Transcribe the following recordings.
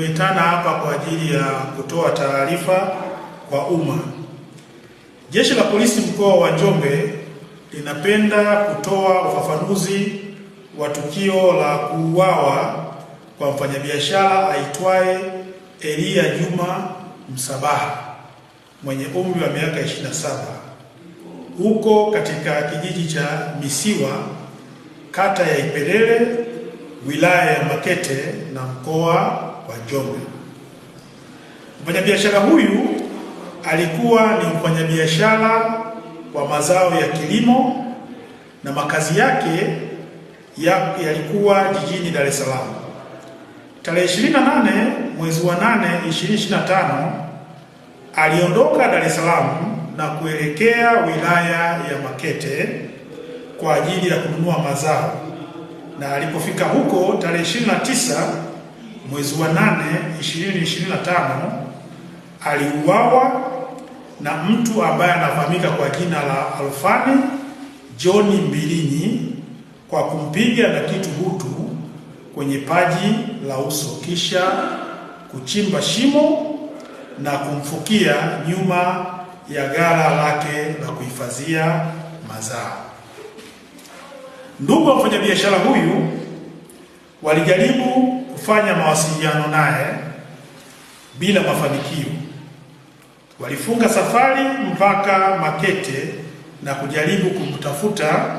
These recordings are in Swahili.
Tumeitana hapa kwa ajili ya kutoa taarifa kwa umma. Jeshi la Polisi mkoa wa Njombe linapenda kutoa ufafanuzi wa tukio la kuuawa kwa mfanyabiashara aitwaye Elia Juma Msabaha mwenye umri wa miaka 27 huko katika kijiji cha Misiwa kata ya Ipelele wilaya ya Makete na mkoa wa Njombe. Mfanyabiashara huyu alikuwa ni mfanyabiashara wa mazao ya kilimo na makazi yake yalikuwa jijini Dar es Salaam. Tarehe 28 mwezi wa 8 2025 aliondoka Dar es Salaam na kuelekea wilaya ya Makete kwa ajili ya kununua mazao, na alipofika huko tarehe mwezi wa 8 2025 aliuawa na mtu ambaye anafahamika kwa jina la Alfani John Mbilinyi kwa kumpiga na kitu butu kwenye paji la uso kisha kuchimba shimo na kumfukia nyuma ya ghala lake la kuhifadhia mazao. Ndugu wa mfanyabiashara huyu walijaribu kufanya mawasiliano naye bila mafanikio. Walifunga safari mpaka Makete na kujaribu kumtafuta,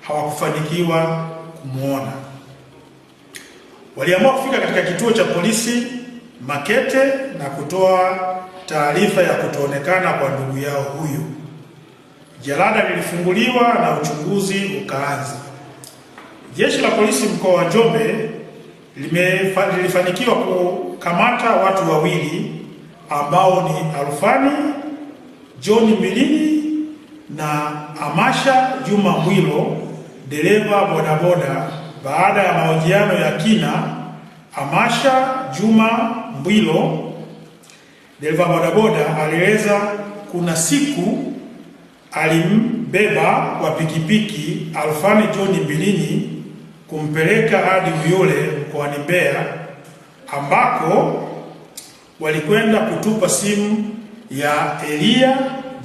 hawakufanikiwa kumwona. Waliamua kufika katika kituo cha polisi Makete na kutoa taarifa ya kutoonekana kwa ndugu yao huyu. Jalada lilifunguliwa na uchunguzi ukaanza. Jeshi la polisi mkoa wa Njombe lilifanikiwa kukamata watu wawili ambao ni Alfani John Milini na Amasha Juma Mwilo, dereva bodaboda. Baada ya mahojiano ya kina, Amasha Juma Mwilo, dereva bodaboda, alieleza kuna siku alimbeba wa pikipiki Alfani John Milini kumpeleka hadi Uyole mkoani Mbeya ambako walikwenda kutupa simu ya Elia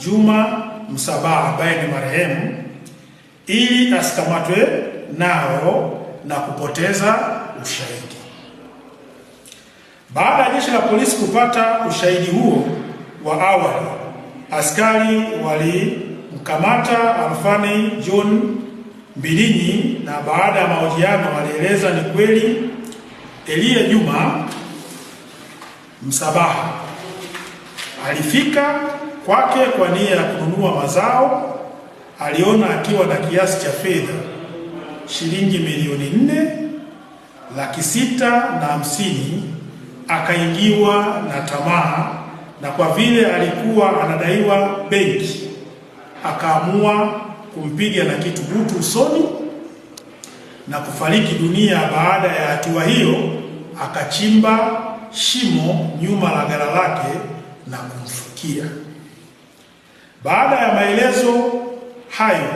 Juma Msabaha ambaye ni marehemu, ili asikamatwe nao na kupoteza ushahidi. Baada ya jeshi la polisi kupata ushahidi huo wa awali, askari walimkamata Alfani John Mbilinyi, na baada ya mahojiano walieleza ni kweli Elia Juma Msabaha alifika kwake kwa nia ya kununua mazao. Aliona akiwa na kiasi cha fedha shilingi milioni nne laki sita na hamsini, akaingiwa na tamaa, na kwa vile alikuwa anadaiwa benki, akaamua kumpiga na kitu butu usoni na kufariki dunia baada ya hatua hiyo, akachimba shimo nyuma la gara lake na kumfukia. Baada ya maelezo hayo,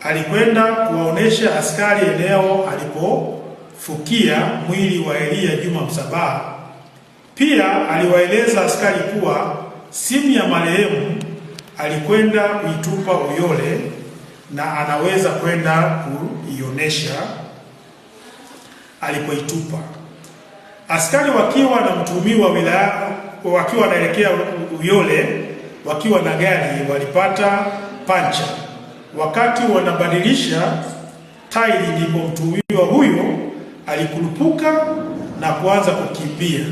alikwenda kuwaonesha askari eneo alipofukia mwili wa Eliya Juma Msabaha. Pia aliwaeleza askari kuwa simu ya marehemu alikwenda kuitupa Uyole na anaweza kwenda kuionyesha alipoitupa. Askari wakiwa na mtuhumiwa wilaya, wakiwa wanaelekea Uyole wakiwa na gari walipata pancha. Wakati wanabadilisha tairi, ndipo mtuhumiwa huyo alikurupuka na kuanza kukimbia.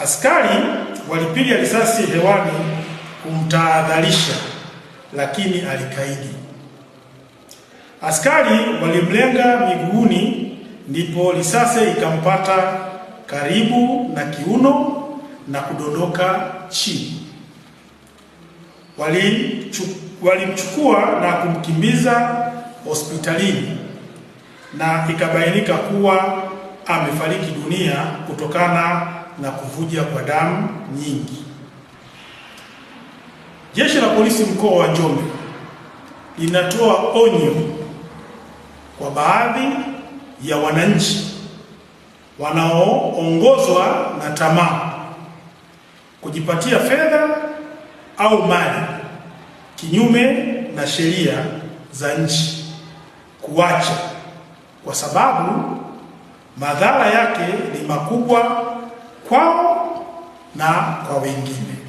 Askari walipiga risasi hewani kumtahadharisha lakini alikaidi. Askari walimlenga miguuni, ndipo risasi ikampata karibu na kiuno na kudondoka chini. Walimchukua na kumkimbiza hospitalini na ikabainika kuwa amefariki dunia kutokana na kuvuja kwa damu nyingi. Jeshi la Polisi mkoa wa Njombe linatoa onyo kwa baadhi ya wananchi wanaoongozwa na tamaa kujipatia fedha au mali kinyume na sheria za nchi kuacha, kwa sababu madhara yake ni makubwa kwao na kwa wengine.